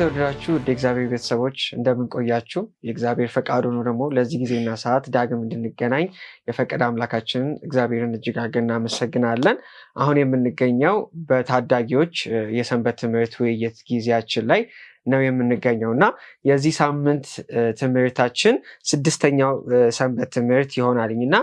የተወደዳችሁ ወደ እግዚአብሔር ቤተሰቦች እንደምንቆያችሁ የእግዚአብሔር ፈቃዱ ነው። ደግሞ ለዚህ ጊዜና ሰዓት ዳግም እንድንገናኝ የፈቀደ አምላካችንን እግዚአብሔርን እጅግ አድርገን እናመሰግናለን። አሁን የምንገኘው በታዳጊዎች የሰንበት ትምህርት ውይይት ጊዜያችን ላይ ነው የምንገኘው እና የዚህ ሳምንት ትምህርታችን ስድስተኛው ሰንበት ትምህርት ይሆናልኝ እና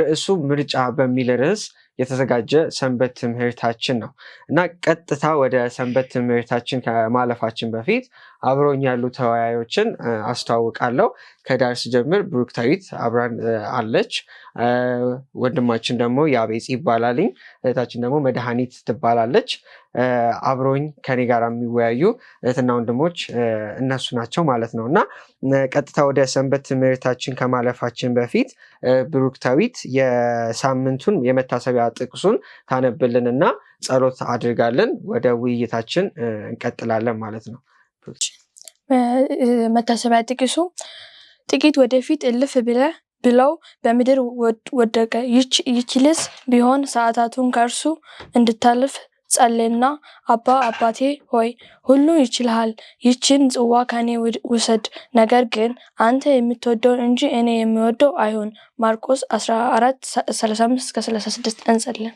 ርዕሱ ምርጫ በሚል ርዕስ የተዘጋጀ ሰንበት ትምህርታችን ነው እና ቀጥታ ወደ ሰንበት ትምህርታችን ከማለፋችን በፊት አብሮኝ ያሉ ተወያዮችን አስተዋውቃለሁ። ከዳር ስጀምር ብሩክታዊት አብራን አለች። ወንድማችን ደግሞ የአቤጽ ይባላልኝ። እህታችን ደግሞ መድኃኒት ትባላለች። አብሮኝ ከኔ ጋር የሚወያዩ እህትና ወንድሞች እነሱ ናቸው ማለት ነው እና ቀጥታ ወደ ሰንበት ትምህርታችን ከማለፋችን በፊት ብሩክታዊት የሳምንቱን የመታሰቢያ መጀመሪያ ጥቅሱን ታነብልንና ጸሎት አድርጋለን ወደ ውይይታችን እንቀጥላለን ማለት ነው። መታሰቢያ ጥቅሱ ጥቂት ወደፊት እልፍ ብለ ብለው በምድር ወደቀ ይችልስ ቢሆን ሰዓታቱን ከእርሱ እንድታልፍ ጸልና አባ አባቴ ሆይ ሁሉ ይችልሃል፣ ይችን ጽዋ ከኔ ውሰድ፣ ነገር ግን አንተ የምትወደው እንጂ እኔ የሚወደው አይሁን። ማርቆስ 14:35-36 እንጸልን።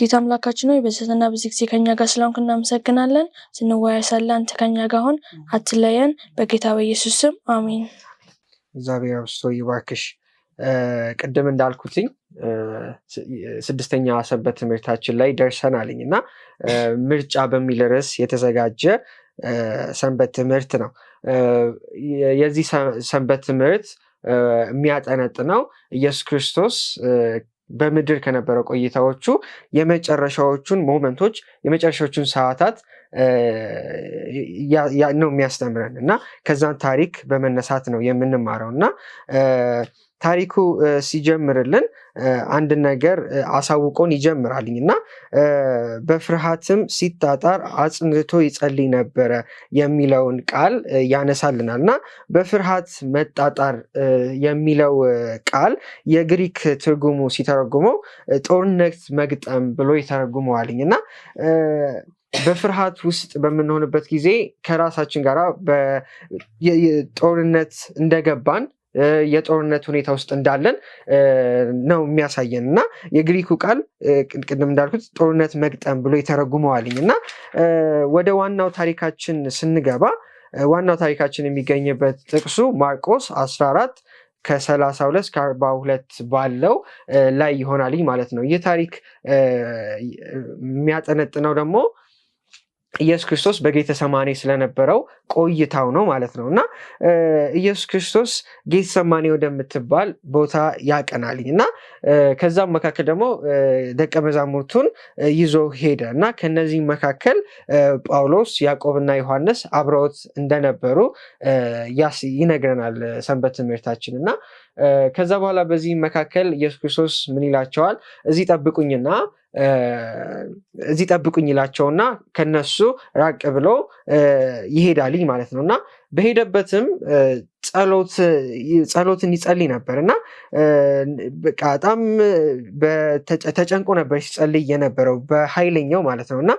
ጌታ አምላካችን ሆይ በስህተትና በዚህ ጊዜ ከኛ ጋር ስለሆንክ እናመሰግናለን። ስንወያ ሳለ አንተ ከኛ ጋር አትለየን። በጌታ በኢየሱስ ስም አሜን። እግዚአብሔር አብስቶ ቅድም እንዳልኩትኝ ስድስተኛ ሰንበት ትምህርታችን ላይ ደርሰናልኝ እና ምርጫ በሚል ርዕስ የተዘጋጀ ሰንበት ትምህርት ነው። የዚህ ሰንበት ትምህርት የሚያጠነጥ ነው ኢየሱስ ክርስቶስ በምድር ከነበረው ቆይታዎቹ የመጨረሻዎቹን ሞመንቶች የመጨረሻዎቹን ሰዓታት ነው የሚያስተምረን እና ከዛን ታሪክ በመነሳት ነው የምንማረው እና ታሪኩ ሲጀምርልን አንድ ነገር አሳውቆን ይጀምራልኝ እና በፍርሃትም ሲጣጣር አጽንቶ ይጸልይ ነበረ የሚለውን ቃል ያነሳልናል እና በፍርሃት መጣጣር የሚለው ቃል የግሪክ ትርጉሙ ሲተረጉመው ጦርነት መግጠም ብሎ ይተረጉመዋልኝ እና በፍርሃት ውስጥ በምንሆንበት ጊዜ ከራሳችን ጋር ጦርነት እንደገባን የጦርነት ሁኔታ ውስጥ እንዳለን ነው የሚያሳየን እና የግሪኩ ቃል ቅድም እንዳልኩት ጦርነት መግጠም ብሎ የተረጉመዋልኝ እና ወደ ዋናው ታሪካችን ስንገባ ዋናው ታሪካችን የሚገኝበት ጥቅሱ ማርቆስ 14 ከ32 እስከ 42 ባለው ላይ ይሆናልኝ ማለት ነው። ይህ ታሪክ የሚያጠነጥነው ደግሞ ኢየሱስ ክርስቶስ በጌተሰማኔ ስለነበረው ቆይታው ነው ማለት ነው እና ኢየሱስ ክርስቶስ ጌተሰማኔ ወደምትባል ቦታ ያቀናልኝ እና ከዛም መካከል ደግሞ ደቀ መዛሙርቱን ይዞ ሄደ እና ከነዚህ መካከል ጳውሎስ ያዕቆብና ዮሐንስ አብረውት እንደነበሩ ይነግረናል ሰንበት ትምህርታችን እና ከዛ በኋላ በዚህ መካከል ኢየሱስ ክርስቶስ ምን ይላቸዋል እዚህ ጠብቁኝና እዚህ ጠብቁኝ ይላቸውና ከነሱ ራቅ ብሎ ይሄዳልኝ ማለት ነው እና በሄደበትም ጸሎትን ይጸልይ ነበር እና በጣም ተጨንቆ ነበር ሲጸልይ የነበረው በኃይለኛው ማለት ነው እና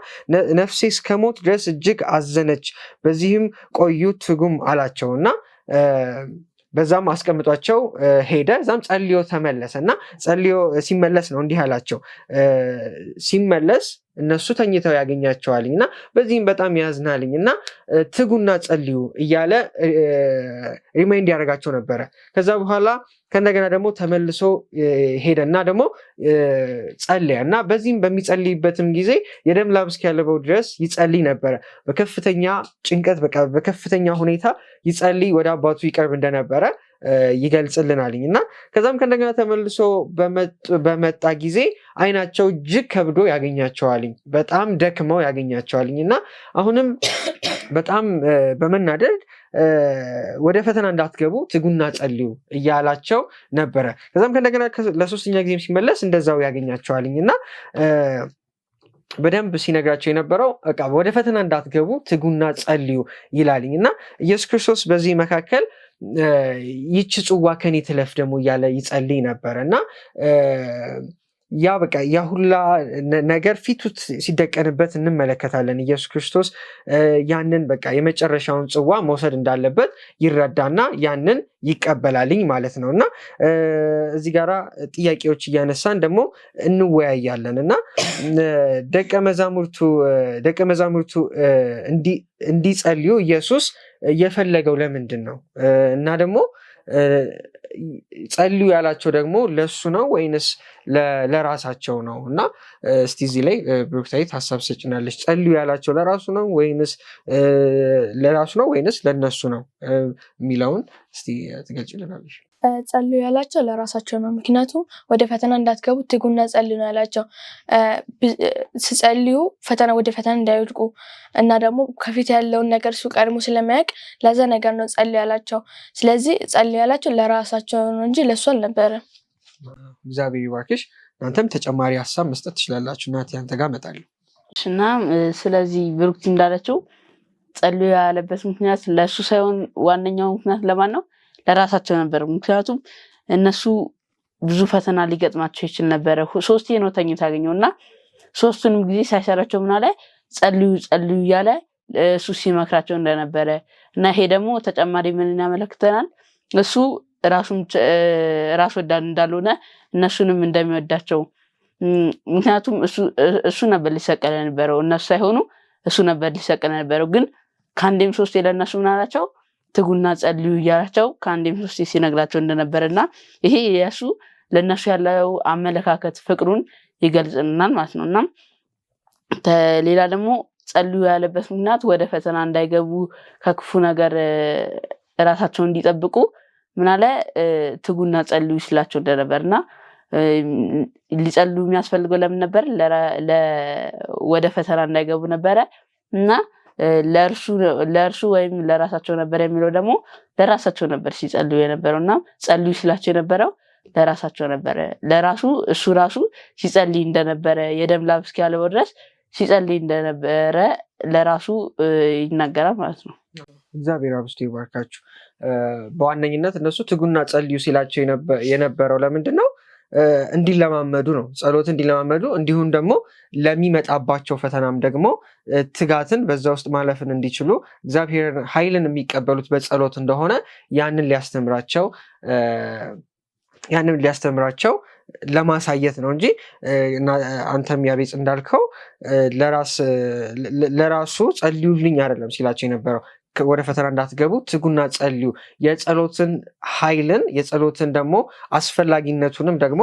ነፍሴ እስከ ሞት ድረስ እጅግ አዘነች፣ በዚህም ቆዩ ትጉም አላቸው እና በዛም አስቀምጧቸው ሄደ። እዛም ጸልዮ ተመለሰ እና ጸልዮ ሲመለስ ነው እንዲህ አላቸው ሲመለስ እነሱ ተኝተው ያገኛቸዋልኝ እና በዚህም በጣም ያዝናልኝ እና ትጉና ጸልዩ እያለ ሪማይንድ ያደርጋቸው ነበረ። ከዛ በኋላ ከእንደገና ደግሞ ተመልሶ ሄደ እና ደግሞ ጸለያ እና በዚህም በሚጸልይበትም ጊዜ የደም ላብ እስኪያለበው ድረስ ይጸልይ ነበረ። በከፍተኛ ጭንቀት በከፍተኛ ሁኔታ ይጸልይ ወደ አባቱ ይቀርብ እንደነበረ ይገልጽልናልኝ እና ከዛም ከእንደገና ተመልሶ በመጣ ጊዜ አይናቸው እጅግ ከብዶ ያገኛቸዋልኝ፣ በጣም ደክመው ያገኛቸዋልኝ እና አሁንም በጣም በመናደድ ወደ ፈተና እንዳትገቡ ትጉና ጸልዩ እያላቸው ነበረ። ከዛም ከእንደገና ለሶስተኛ ጊዜም ሲመለስ እንደዛው ያገኛቸዋልኝ እና በደንብ ሲነግራቸው የነበረው በቃ ወደ ፈተና እንዳትገቡ ትጉና ጸልዩ ይላልኝ እና ኢየሱስ ክርስቶስ በዚህ መካከል ይቺ ጽዋ ከኔ ትለፍ ደግሞ እያለ ይጸልይ ነበረ እና ያ በቃ ያ ሁላ ነገር ፊቱ ሲደቀንበት እንመለከታለን። ኢየሱስ ክርስቶስ ያንን በቃ የመጨረሻውን ጽዋ መውሰድ እንዳለበት ይረዳና ያንን ይቀበላልኝ ማለት ነው። እና እዚህ ጋራ ጥያቄዎች እያነሳን ደግሞ እንወያያለን እና ደቀ መዛሙርቱ ደቀ መዛሙርቱ እንዲጸልዩ ኢየሱስ የፈለገው ለምንድን ነው እና ደግሞ ጸልዩ ያላቸው ደግሞ ለእሱ ነው ወይንስ ለራሳቸው ነው? እና እስቲ እዚህ ላይ ብሩክታዊት ሀሳብ ሰጭናለች። ጸልዩ ያላቸው ለራሱ ነው ወይንስ ለራሱ ነው ወይንስ ለነሱ ነው የሚለውን እስቲ ትገልጭልናለች። ጸሉ ያላቸው ለራሳቸው ነው። ምክንያቱም ወደ ፈተና እንዳትገቡ ትጉና ጸልዩ ነው ያላቸው። ስጸልዩ ፈተና ወደ ፈተና እንዳይወድቁ እና ደግሞ ከፊት ያለውን ነገር እሱ ቀድሞ ስለሚያውቅ ለዛ ነገር ነው ጸልዩ ያላቸው። ስለዚህ ጸልዩ ያላቸው ለራሳቸው ነው እንጂ ለእሱ አልነበረም። እግዚአብሔር ይባርክሽ። እናንተም ተጨማሪ ሀሳብ መስጠት ትችላላችሁ። እናቴ ያንተ ጋር እመጣለሁ እና ስለዚህ ብሩክት እንዳለችው ጸልዩ ያለበት ምክንያት ለእሱ ሳይሆን ዋነኛው ምክንያት ለማን ነው? ለራሳቸው ነበር። ምክንያቱም እነሱ ብዙ ፈተና ሊገጥማቸው ይችል ነበረ። ሶስት ነው ተኝቶ ያገኘው እና ሶስቱንም ጊዜ ሳይሰራቸው ምና ላይ ጸልዩ ጸልዩ እያለ እሱ ሲመክራቸው እንደነበረ እና ይሄ ደግሞ ተጨማሪ ምን ያመለክተናል? እሱ ራስ ወዳድ እንዳልሆነ እነሱንም እንደሚወዳቸው ምክንያቱም እሱ ነበር ሊሰቀል የነበረው እነሱ ሳይሆኑ እሱ ነበር ሊሰቀል የነበረው። ግን ከአንዴም ሶስት የለእነሱ ምናላቸው ትጉና ጸልዩ እያላቸው ከአንዴም ሶስቴ ሲነግራቸው እንደነበረና ይሄ ኢያሱ ለእነሱ ያለው አመለካከት ፍቅሩን ይገልጽልናል ማለት ነው እና ሌላ ደግሞ ጸልዩ ያለበት ምክንያት ወደ ፈተና እንዳይገቡ ከክፉ ነገር እራሳቸውን እንዲጠብቁ ምናለ ትጉና ጸልዩ ሲላቸው እንደነበር እና ሊጸልዩ የሚያስፈልገው ለምን ነበር? ወደ ፈተና እንዳይገቡ ነበረ እና ለእርሱ ወይም ለራሳቸው ነበር የሚለው ደግሞ ለራሳቸው ነበር ሲጸልዩ የነበረው እና ጸልዩ ሲላቸው የነበረው ለራሳቸው ነበረ። ለራሱ እሱ ራሱ ሲጸልይ እንደነበረ የደም ላብ እስኪያለው ድረስ ሲጸልይ እንደነበረ ለራሱ ይናገራል ማለት ነው። እግዚአብሔር አብስቶ ይባርካችሁ። በዋነኝነት እነሱ ትጉና ጸልዩ ሲላቸው የነበረው ለምንድን ነው? እንዲለማመዱ ነው። ጸሎት እንዲለማመዱ እንዲሁም ደግሞ ለሚመጣባቸው ፈተናም ደግሞ ትጋትን በዛ ውስጥ ማለፍን እንዲችሉ እግዚአብሔርን ኃይልን የሚቀበሉት በጸሎት እንደሆነ ያንን ሊያስተምራቸው ያንን ሊያስተምራቸው ለማሳየት ነው እንጂ አንተም ያቤጽ እንዳልከው ለራሱ ጸልዩልኝ አይደለም ሲላቸው የነበረው ወደ ፈተና እንዳትገቡ ትጉና ጸልዩ። የጸሎትን ኃይልን የጸሎትን ደግሞ አስፈላጊነቱንም ደግሞ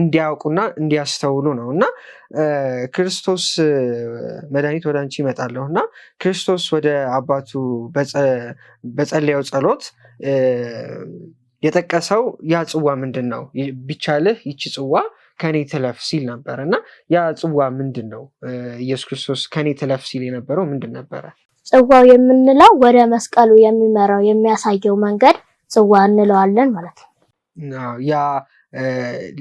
እንዲያውቁና እንዲያስተውሉ ነው እና ክርስቶስ መድኃኒት ወደ አንቺ ይመጣለሁ እና ክርስቶስ ወደ አባቱ በጸለየው ጸሎት የጠቀሰው ያ ጽዋ ምንድን ነው? ቢቻልህ ይቺ ጽዋ ከኔ ትለፍ ሲል ነበር እና ያ ጽዋ ምንድን ነው? ኢየሱስ ክርስቶስ ከኔ ትለፍ ሲል የነበረው ምንድን ነበረ? ጽዋው የምንለው ወደ መስቀሉ የሚመራው የሚያሳየው መንገድ ጽዋ እንለዋለን ማለት ነው። ያ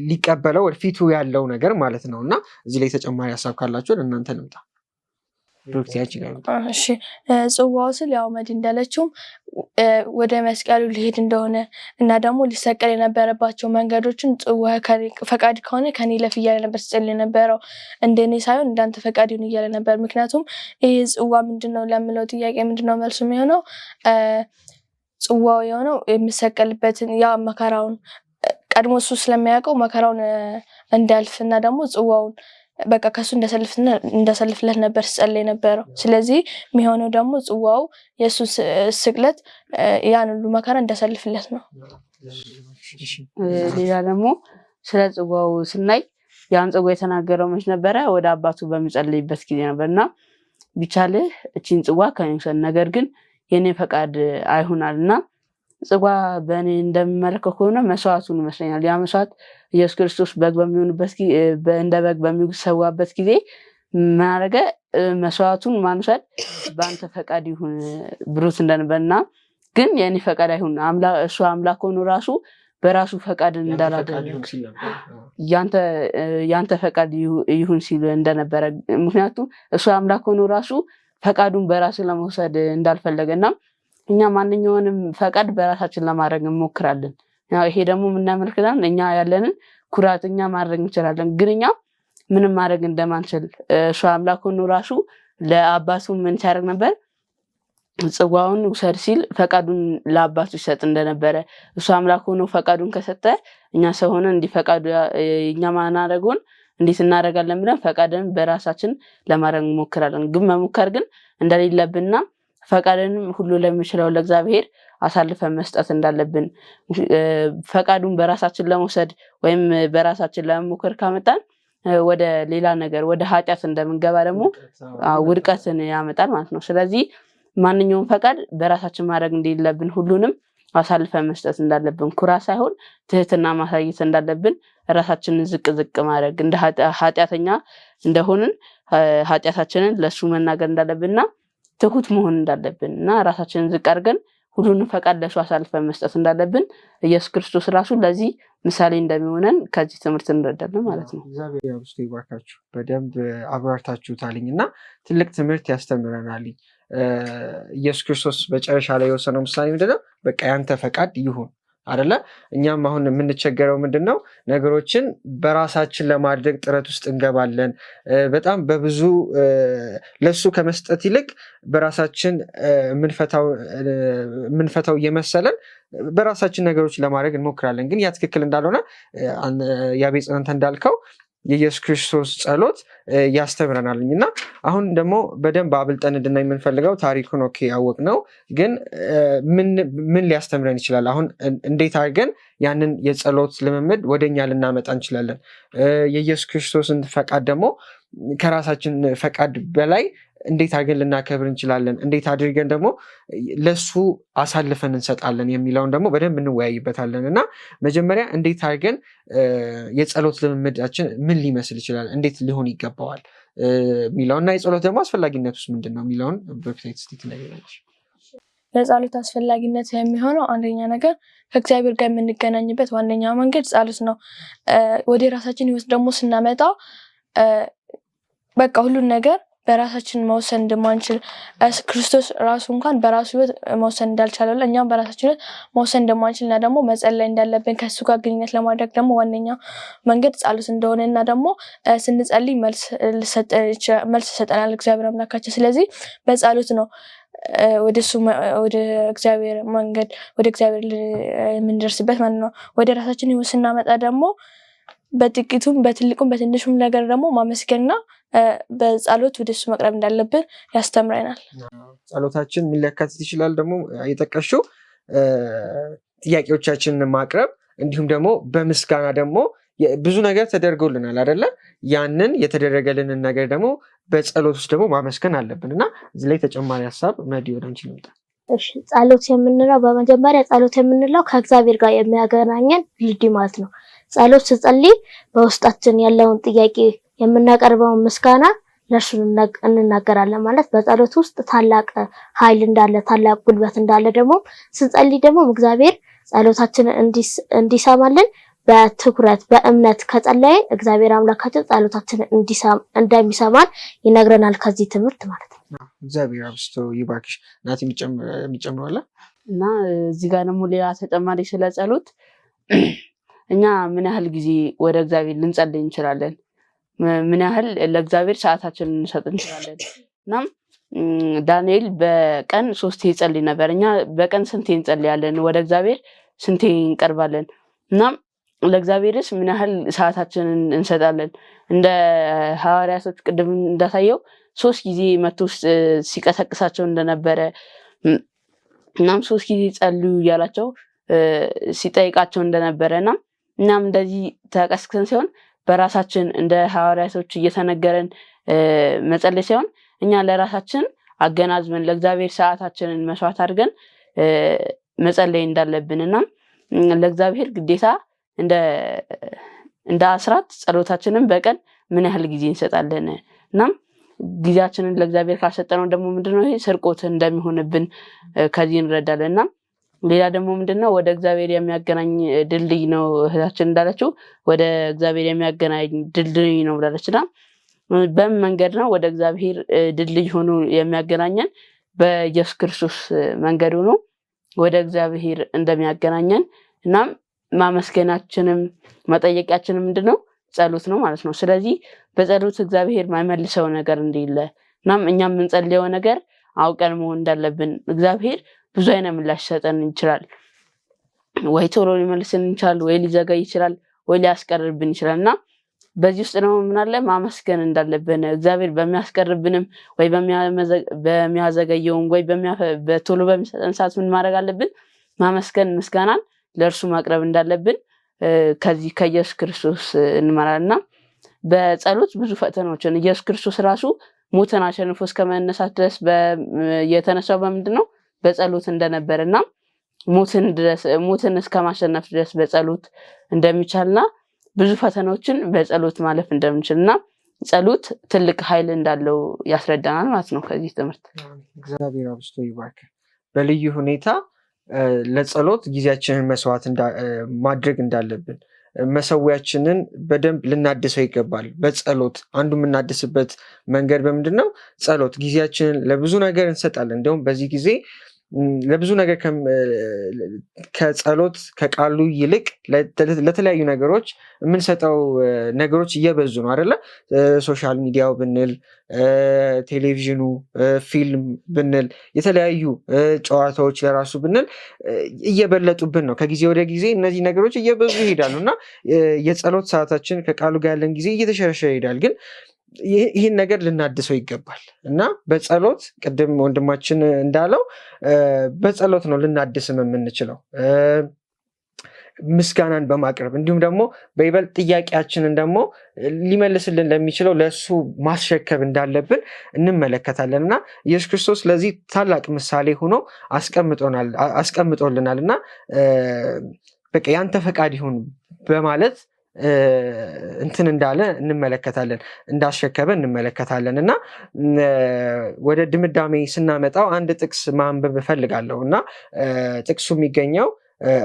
ሊቀበለው ወደፊቱ ያለው ነገር ማለት ነው። እና እዚህ ላይ ተጨማሪ ሀሳብ ካላችሁ ለእናንተ ልምጣ። ብሩክቲያች እሺ ጽዋው ስል ያው መድ እንዳለችው ወደ መስቀሉ ሊሄድ እንደሆነ እና ደግሞ ሊሰቀል የነበረባቸው መንገዶችን ጽዋ ፈቃድ ከሆነ ከኔ ለፍ እያለ ነበር ሲጸል የነበረው እንደኔ ሳይሆን እንዳንተ ፈቃድ ይሁን እያለ ነበር። ምክንያቱም ይህ ጽዋ ምንድን ነው ለምለው ጥያቄ ምንድን ነው መልሱ የሚሆነው ጽዋው የሆነው የሚሰቀልበትን ያ መከራውን ቀድሞ እሱ ስለሚያውቀው መከራውን እንዳልፍ እና ደግሞ ጽዋውን በቃ ከሱ እንደሰልፍለት ነበር ስጸልይ ነበረው። ስለዚህ የሚሆነው ደግሞ ጽዋው የእሱ ስቅለት ያን ሁሉ መከራ እንደሰልፍለት ነው። ሌላ ደግሞ ስለ ጽዋው ስናይ ያን ጽዋ የተናገረው መች ነበረ? ወደ አባቱ በሚጸልይበት ጊዜ ነበር እና ቢቻልህ እቺን ጽዋ ከእኔ ነገር ግን የእኔ ፈቃድ አይሆናል እና ጽዋ በእኔ እንደሚመለከው ከሆነ መስዋዕቱን ይመስለኛል። ያ መስዋዕት ኢየሱስ ክርስቶስ በግ በሚሆንበት እንደ በግ በሚሰዋበት ጊዜ ምናረገ መስዋዕቱን ማንሳት በአንተ ፈቃድ ይሁን ብሩት እንደነበርና ግን የእኔ ፈቃድ አይሁን እሱ አምላክ ሆኖ ራሱ በራሱ ፈቃድ እንዳላደረግ ያንተ ፈቃድ ይሁን ሲል እንደነበረ ምክንያቱም እሱ አምላክ ሆኖ ራሱ ፈቃዱን በራስ ለመውሰድ እንዳልፈለገ እና እኛ ማንኛውንም ፈቃድ በራሳችን ለማድረግ እንሞክራለን። ይሄ ደግሞ የምናመልክታል እኛ ያለንን ኩራት እኛ ማድረግ እንችላለን። ግን እኛ ምንም ማድረግ እንደማንችል እሱ አምላክ ሆኖ ራሱ ለአባቱ ምን ሲያደርግ ነበር? ጽዋውን ውሰድ ሲል ፈቃዱን ለአባቱ ይሰጥ እንደነበረ እሱ አምላክ ሆኖ ፈቃዱን ከሰጠ እኛ ሰው ሆነን እንዲህ ፈቃዱ እኛ ማናደረጉን እንዴት እናደርጋለን ብለን ፈቃድን በራሳችን ለማድረግ እንሞክራለን። ግን መሞከር ግን እንደሌለብንና ፈቃድንም ሁሉ ለሚችለው ለእግዚአብሔር አሳልፈን መስጠት እንዳለብን ፈቃዱን በራሳችን ለመውሰድ ወይም በራሳችን ለመሞከር ካመጣን ወደ ሌላ ነገር ወደ ኃጢአት እንደምንገባ ደግሞ ውድቀትን ያመጣል ማለት ነው። ስለዚህ ማንኛውም ፈቃድ በራሳችን ማድረግ እንደሌለብን ሁሉንም አሳልፈን መስጠት እንዳለብን ኩራ ሳይሆን ትህትና ማሳየት እንዳለብን ራሳችንን ዝቅ ዝቅ ማድረግ እንደ ኃጢአተኛ እንደሆንን ኃጢአታችንን ለእሱ መናገር እንዳለብንና ትሁት መሆን እንዳለብን እና ራሳችንን ዝቅ አድርገን ሁሉንም ፈቃድ ለሱ አሳልፈን መስጠት እንዳለብን ኢየሱስ ክርስቶስ ራሱ ለዚህ ምሳሌ እንደሚሆነን ከዚህ ትምህርት እንረዳለን ማለት ነው። እግዚአብሔር ውስጥ ይባካችሁ። በደንብ አብራርታችሁታልኝ እና ትልቅ ትምህርት ያስተምረናልኝ። ኢየሱስ ክርስቶስ በጨረሻ ላይ የወሰነው ምሳሌ ምንድነው? በቃ ያንተ ፈቃድ ይሁን አደለ? እኛም አሁን የምንቸገረው ምንድን ነው? ነገሮችን በራሳችን ለማድረግ ጥረት ውስጥ እንገባለን። በጣም በብዙ ለሱ ከመስጠት ይልቅ በራሳችን የምንፈታው እየመሰለን በራሳችን ነገሮች ለማድረግ እንሞክራለን። ግን ያ ትክክል እንዳልሆነ ያቤ ጽናንተ እንዳልከው የኢየሱስ ክርስቶስ ጸሎት ያስተምረናል እና አሁን ደግሞ በደንብ አብልጠን እንድና የምንፈልገው ታሪኩን ኦኬ ያወቅ ነው፣ ግን ምን ሊያስተምረን ይችላል? አሁን እንዴት አድርገን ያንን የጸሎት ልምምድ ወደኛ ልናመጣ እንችላለን? የኢየሱስ ክርስቶስን ፈቃድ ደግሞ ከራሳችን ፈቃድ በላይ እንዴት አድርገን ልናከብር እንችላለን፣ እንዴት አድርገን ደግሞ ለሱ አሳልፈን እንሰጣለን የሚለውን ደግሞ በደንብ እንወያይበታለን እና መጀመሪያ እንዴት አድርገን የጸሎት ልምምዳችን ምን ሊመስል ይችላል፣ እንዴት ሊሆን ይገባዋል የሚለውን እና የጸሎት ደግሞ አስፈላጊነት ውስጥ ምንድን ነው የሚለውን በፊት ስቲት ነገረች። ለጸሎት አስፈላጊነት የሚሆነው አንደኛ ነገር ከእግዚአብሔር ጋር የምንገናኝበት ዋነኛው መንገድ ጸሎት ነው። ወደ ራሳችን ህይወት ደግሞ ስናመጣው በቃ ሁሉን ነገር በራሳችን መወሰን እንደማንችል ክርስቶስ ራሱ እንኳን በራሱ ህይወት መወሰን እንዳልቻለ እኛም በራሳችን ህይወት መወሰን እንደማንችል እና ደግሞ መጸለይ እንዳለብን ከሱ ጋር ግንኙነት ለማድረግ ደግሞ ዋነኛ መንገድ ጸሎት እንደሆነ እና ደግሞ ስንጸልይ መልስ ይሰጠናል እግዚአብሔር አምላካችን። ስለዚህ በጸሎት ነው ወደሱ ወደ እግዚአብሔር መንገድ ወደ እግዚአብሔር የምንደርስበት ማለት ነው። ወደ ራሳችን ህይወት ስናመጣ ደግሞ በጥቂቱም በትልቁም በትንሹም ነገር ደግሞ ማመስገንና በጸሎት ወደ እሱ መቅረብ እንዳለብን ያስተምረናል። ጸሎታችን ምን ሊያካትት ይችላል? ደግሞ የጠቀሽው ጥያቄዎቻችንን ማቅረብ እንዲሁም ደግሞ በምስጋና ደግሞ ብዙ ነገር ተደርጎልናል አደለ? ያንን የተደረገልንን ነገር ደግሞ በጸሎት ውስጥ ደግሞ ማመስገን አለብን እና እዚህ ላይ ተጨማሪ ሀሳብ መዲ ወደ አንቺ ይመጣል። ጸሎት የምንለው በመጀመሪያ ጸሎት የምንለው ከእግዚአብሔር ጋር የሚያገናኘን ድልድይ ማለት ነው። ጸሎት ስጸልይ በውስጣችን ያለውን ጥያቄ የምናቀርበውን ምስጋና ለእርሱ እንናገራለን ማለት በጸሎት ውስጥ ታላቅ ኃይል እንዳለ ታላቅ ጉልበት እንዳለ ደግሞ ስንጸልይ ደግሞ እግዚአብሔር ጸሎታችንን እንዲሰማልን በትኩረት በእምነት ከጸለይን እግዚአብሔር አምላካችን ጸሎታችንን እንደሚሰማን ይነግረናል። ከዚህ ትምህርት ማለት ነው። እግዚአብሔር አብስቶ ይባርክሽ። ናቲ የሚጨምረው አለ እና እዚህ ጋር ደግሞ ሌላ ተጨማሪ ስለ ጸሎት እኛ ምን ያህል ጊዜ ወደ እግዚአብሔር ልንጸልይ እንችላለን? ምን ያህል ለእግዚአብሔር ሰዓታችንን ልንሰጥ እንችላለን? እናም ዳንኤል በቀን ሶስቴ ይጸልይ ነበር። እኛ በቀን ስንቴ እንጸልያለን? ወደ እግዚአብሔር ስንቴ እንቀርባለን? እናም ለእግዚአብሔርስ ምን ያህል ሰዓታችንን እንሰጣለን? እንደ ሐዋርያቶች ቅድም እንዳሳየው ሶስት ጊዜ መቶ ሲቀሰቅሳቸው እንደነበረ እናም ሶስት ጊዜ ጸልዩ እያላቸው ሲጠይቃቸው እንደነበረ እናም እኛም እንደዚህ ተቀስቅሰን ሲሆን በራሳችን እንደ ሐዋርያቶች እየተነገረን መጸለይ ሲሆን እኛ ለራሳችን አገናዝበን ለእግዚአብሔር ሰዓታችንን መስዋዕት አድርገን መጸለይ እንዳለብን እና ለእግዚአብሔር ግዴታ እንደ አስራት ጸሎታችንን በቀን ምን ያህል ጊዜ እንሰጣለን? እናም ጊዜያችንን ለእግዚአብሔር ካልሰጠነው ደግሞ ምንድነው ይሄ ስርቆት እንደሚሆንብን ከዚህ እንረዳለን። እናም ሌላ ደግሞ ምንድነው ወደ እግዚአብሔር የሚያገናኝ ድልድይ ነው እህታችን እንዳለችው ወደ እግዚአብሔር የሚያገናኝ ድልድይ ነው ብላለች እና በምን መንገድ ነው ወደ እግዚአብሔር ድልድይ ሆኖ የሚያገናኘን በኢየሱስ ክርስቶስ መንገድ ሆኖ ወደ እግዚአብሔር እንደሚያገናኘን እናም ማመስገናችንም መጠየቂያችንም ምንድነው ጸሎት ነው ማለት ነው ስለዚህ በጸሎት እግዚአብሔር ማይመልሰው ነገር እንደሌለ እናም እኛም የምንጸልየው ነገር አውቀን መሆን እንዳለብን እግዚአብሔር ብዙ አይነት ምላሽ ሰጠን ይችላል። ወይ ቶሎ ሊመልስን ይችላል፣ ወይ ሊዘገይ ይችላል፣ ወይ ሊያስቀርብን ይችላል እና በዚህ ውስጥ ደግሞ ምናለ ማመስገን እንዳለብን እግዚአብሔር በሚያስቀርብንም ወይ በሚያዘገየውም ወይ በቶሎ በሚሰጠን ሰዓት ምን ማድረግ አለብን? ማመስገን ምስጋናን ለእርሱ ማቅረብ እንዳለብን ከዚህ ከኢየሱስ ክርስቶስ እንመራል እና በጸሎት ብዙ ፈተናዎችን ኢየሱስ ክርስቶስ ራሱ ሞተን አሸንፎ እስከመነሳት ድረስ የተነሳው በምንድን ነው? በጸሎት እንደነበር እና ሞትን እስከ ማሸነፍ ድረስ በጸሎት እንደሚቻልና ብዙ ፈተናዎችን በጸሎት ማለፍ እንደምንችል እና ጸሎት ትልቅ ኃይል እንዳለው ያስረዳናል ማለት ነው። ከዚህ ትምህርት እግዚአብሔር አብዝቶ ይባርክ። በልዩ ሁኔታ ለጸሎት ጊዜያችንን መስዋዕት ማድረግ እንዳለብን መሰዊያችንን በደንብ ልናድሰው ይገባል። በጸሎት አንዱ የምናድስበት መንገድ በምንድን ነው? ጸሎት ጊዜያችንን ለብዙ ነገር እንሰጣለን። እንዲሁም በዚህ ጊዜ ለብዙ ነገር ከጸሎት ከቃሉ ይልቅ ለተለያዩ ነገሮች የምንሰጠው ነገሮች እየበዙ ነው አደለ ሶሻል ሚዲያው ብንል፣ ቴሌቪዥኑ፣ ፊልም ብንል፣ የተለያዩ ጨዋታዎች ለራሱ ብንል እየበለጡብን ነው። ከጊዜ ወደ ጊዜ እነዚህ ነገሮች እየበዙ ይሄዳሉ እና የጸሎት ሰዓታችን ከቃሉ ጋር ያለን ጊዜ እየተሸረሸረ ይሄዳል ግን ይህን ነገር ልናድሰው ይገባል እና በጸሎት ቅድም ወንድማችን እንዳለው በጸሎት ነው ልናድስም የምንችለው ምስጋናን በማቅረብ እንዲሁም ደግሞ በይበልጥ ጥያቄያችንን ደግሞ ሊመልስልን ለሚችለው ለእሱ ማስሸከብ እንዳለብን እንመለከታለን እና ኢየሱስ ክርስቶስ ለዚህ ታላቅ ምሳሌ ሆኖ አስቀምጦልናል እና በቃ ያንተ ፈቃድ ይሁን በማለት እንትን እንዳለ እንመለከታለን እንዳሸከበ እንመለከታለን። እና ወደ ድምዳሜ ስናመጣው አንድ ጥቅስ ማንበብ እፈልጋለሁ እና ጥቅሱ የሚገኘው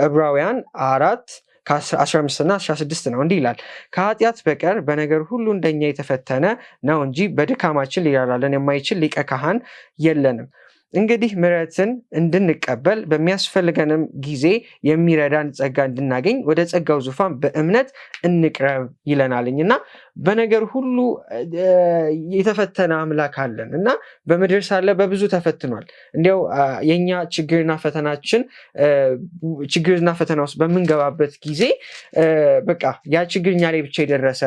ዕብራውያን አራት ከ15 ና 16 ነው። እንዲህ ይላል ከኃጢአት በቀር በነገር ሁሉ እንደኛ የተፈተነ ነው እንጂ በድካማችን ሊራራለን የማይችል ሊቀ ካህን የለንም። እንግዲህ ምሕረትን እንድንቀበል በሚያስፈልገንም ጊዜ የሚረዳን ጸጋ እንድናገኝ ወደ ጸጋው ዙፋን በእምነት እንቅረብ ይለናልኝ እና በነገር ሁሉ የተፈተነ አምላክ አለን እና በምድር ሳለ በብዙ ተፈትኗል። እንዲያው የኛ ችግርና ፈተናችን ችግርና ፈተና ውስጥ በምንገባበት ጊዜ በቃ ያ ችግር እኛ ላይ ብቻ የደረሰ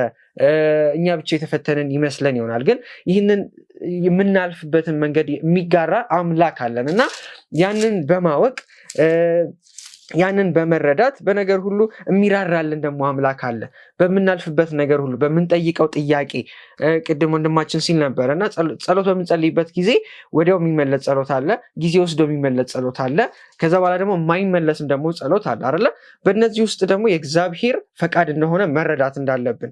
እኛ ብቻ የተፈተንን ይመስለን ይሆናል ግን ይህንን የምናልፍበትን መንገድ የሚጋራ አምላክ አለን እና ያንን በማወቅ ያንን በመረዳት በነገር ሁሉ የሚራራልን ደግሞ አምላክ አለ። በምናልፍበት ነገር ሁሉ በምንጠይቀው ጥያቄ ቅድም ወንድማችን ሲል ነበረ እና ጸሎት በምንጸልይበት ጊዜ ወዲያው የሚመለስ ጸሎት አለ፣ ጊዜ ወስዶ የሚመለስ ጸሎት አለ። ከዛ በኋላ ደግሞ የማይመለስም ደግሞ ጸሎት አለ አለ። በእነዚህ ውስጥ ደግሞ የእግዚአብሔር ፈቃድ እንደሆነ መረዳት እንዳለብን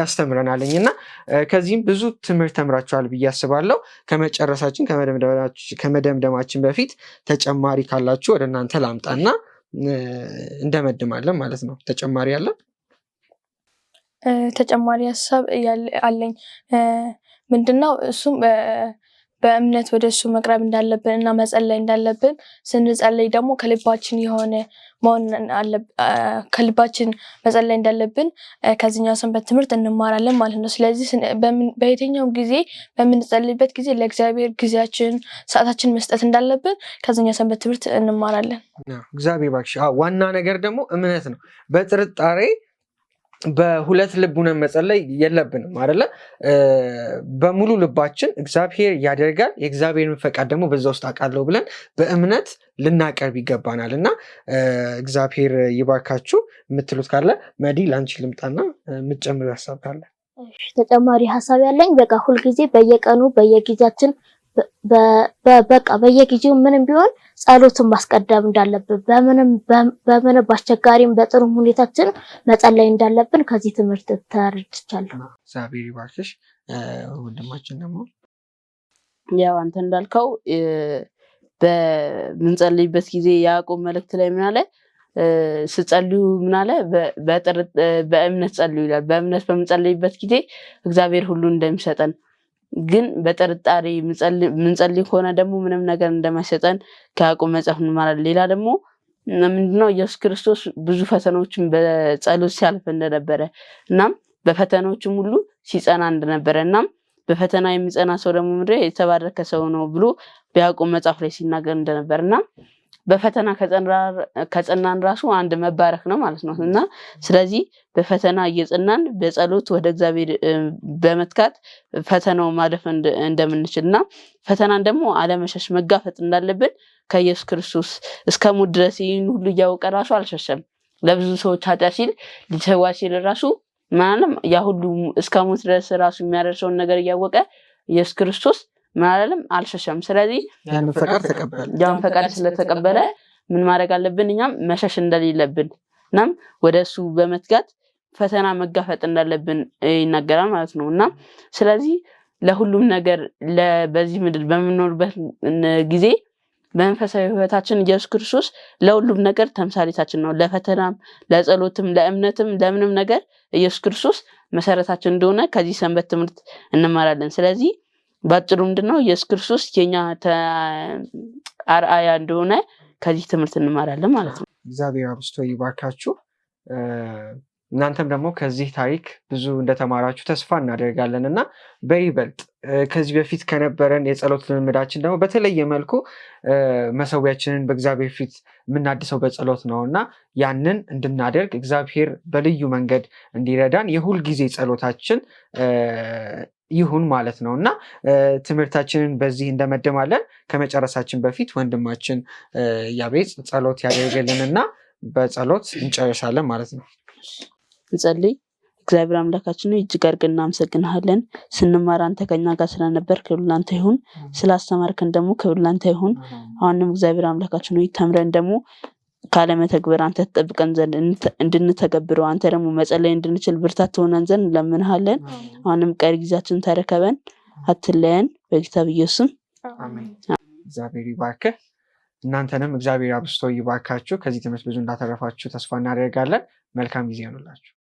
ያስተምረናለኝ እና ከዚህም ብዙ ትምህርት ተምራችኋል ብዬ አስባለሁ። ከመጨረሳችን ከመደምደማችን በፊት ተጨማሪ ካላችሁ ወደ እናንተ ላምጣና እንደመድማለን ማለት ነው። ተጨማሪ አለ ተጨማሪ ሀሳብ አለኝ ምንድነው እሱም በእምነት ወደ እሱ መቅረብ እንዳለብን እና መጸለይ እንዳለብን ስንጸለይ ደግሞ ከልባችን የሆነ መሆን ከልባችን መጸለይ እንዳለብን ከዚኛው ሰንበት ትምህርት እንማራለን ማለት ነው። ስለዚህ በየትኛውም ጊዜ በምንጸልይበት ጊዜ ለእግዚአብሔር ጊዜያችን፣ ሰዓታችን መስጠት እንዳለብን ከዚኛው ሰንበት ትምህርት እንማራለን። እግዚአብሔር እባክሽ ዋና ነገር ደግሞ እምነት ነው። በጥርጣሬ በሁለት ልብ ሆነን መጸለይ የለብንም አይደለ? በሙሉ ልባችን እግዚአብሔር ያደርጋል፣ የእግዚአብሔርን ፈቃድ ደግሞ በዛ ውስጥ አውቃለሁ ብለን በእምነት ልናቀርብ ይገባናል። እና እግዚአብሔር ይባርካችሁ የምትሉት ካለ መዲ ለአንቺ ልምጣና የምትጨምር ሀሳብ ካለ ተጨማሪ ሀሳብ ያለኝ በቃ ሁልጊዜ በየቀኑ በየጊዜያችን በቃ በየጊዜው ምንም ቢሆን ጸሎትን ማስቀደም እንዳለብን በምንም በምንም በአስቸጋሪም በጥሩ ሁኔታችን መጸለይ እንዳለብን ከዚህ ትምህርት ተረድቻለሁ። እግዚአብሔር ይባርክሽ። ወንድማችን ደግሞ ያው አንተ እንዳልከው በምንጸልይበት ጊዜ የያዕቆብ መልእክት ላይ ምናለ ስጸልዩ ምናለ በእምነት ጸልዩ ይላል። በእምነት በምንጸልይበት ጊዜ እግዚአብሔር ሁሉን እንደሚሰጠን ግን በጥርጣሬ ምንጸልይ ከሆነ ደግሞ ምንም ነገር እንደማይሰጠን ከያዕቆብ መጽሐፍ እንማራለን። ሌላ ደግሞ ምንድነው ኢየሱስ ክርስቶስ ብዙ ፈተናዎችን በጸሎት ሲያልፍ እንደነበረ እናም በፈተናዎችም ሁሉ ሲጸና እንደነበረ እናም በፈተና የሚጸና ሰው ደግሞ ምድ የተባረከ ሰው ነው ብሎ በያዕቆብ መጽሐፍ ላይ ሲናገር እንደነበር እና በፈተና ከጸናን ራሱ አንድ መባረክ ነው ማለት ነው እና ስለዚህ በፈተና እየጸናን በጸሎት ወደ እግዚአብሔር በመትካት ፈተናው ማለፍ እንደምንችል እና ፈተናን ደግሞ አለመሸሽ መጋፈጥ እንዳለብን ከኢየሱስ ክርስቶስ እስከ ሙድ ድረስ ይህን ሁሉ እያወቀ ራሱ አልሸሸም። ለብዙ ሰዎች ኃጢያ ሲል ሊሰዋ ሲል ራሱ ምናምን ያ ሁሉ እስከ ሙት ድረስ ራሱ የሚያደርሰውን ነገር እያወቀ ኢየሱስ ክርስቶስ ምን አላለም አልሸሸም። ስለዚህ ያን ፈቃድ ስለተቀበለ ምን ማድረግ አለብን? እኛም መሸሽ እንደሌለብን እናም ወደ እሱ በመትጋት ፈተና መጋፈጥ እንዳለብን ይናገራል ማለት ነው እና ስለዚህ ለሁሉም ነገር በዚህ ምድር በምንኖርበት ጊዜ በመንፈሳዊ ሕይወታችን ኢየሱስ ክርስቶስ ለሁሉም ነገር ተምሳሌታችን ነው። ለፈተናም፣ ለጸሎትም፣ ለእምነትም ለምንም ነገር ኢየሱስ ክርስቶስ መሰረታችን እንደሆነ ከዚህ ሰንበት ትምህርት እንማራለን። ስለዚህ ባጭሩ ምንድነው ኢየሱስ ክርስቶስ የኛ አርአያ እንደሆነ ከዚህ ትምህርት እንማራለን ማለት ነው። እግዚአብሔር አብስቶ ይባርካችሁ። እናንተም ደግሞ ከዚህ ታሪክ ብዙ እንደተማራችሁ ተስፋ እናደርጋለን እና በይበልጥ ከዚህ በፊት ከነበረን የጸሎት ልምዳችን ደግሞ በተለየ መልኩ መሰዊያችንን በእግዚአብሔር ፊት የምናድሰው በጸሎት ነው እና ያንን እንድናደርግ እግዚአብሔር በልዩ መንገድ እንዲረዳን የሁልጊዜ ጸሎታችን ይሁን ማለት ነው እና ትምህርታችንን በዚህ እንደመደማለን። ከመጨረሳችን በፊት ወንድማችን ያቤጽ ጸሎት ያደርግልን እና በጸሎት እንጨርሳለን ማለት ነው። እንጸልይ። እግዚአብሔር አምላካችን ነው እጅግ አድርገን እናመሰግንሃለን። ስንማር አንተ ከኛ ጋር ስለነበር ክብር ላንተ ይሁን። ስላስተማርከን ደግሞ ክብር ላንተ ይሁን። አሁንም እግዚአብሔር አምላካችን ተምረን ደግሞ ካለመተግበር አንተ ትጠብቀን ዘንድ እንድንተገብረው አንተ ደግሞ መጸለይ እንድንችል ብርታት ትሆነን ዘንድ እንለምንሃለን። አሁንም ቀሪ ጊዜያችን ተረከበን፣ አትለየን። በጌታ ብየሱም እግዚአብሔር ይባርክህ። እናንተንም እግዚአብሔር አብስቶ ይባርካችሁ። ከዚህ ትምህርት ብዙ እንዳተረፋችሁ ተስፋ እናደርጋለን። መልካም ጊዜ ይሆንላችሁ።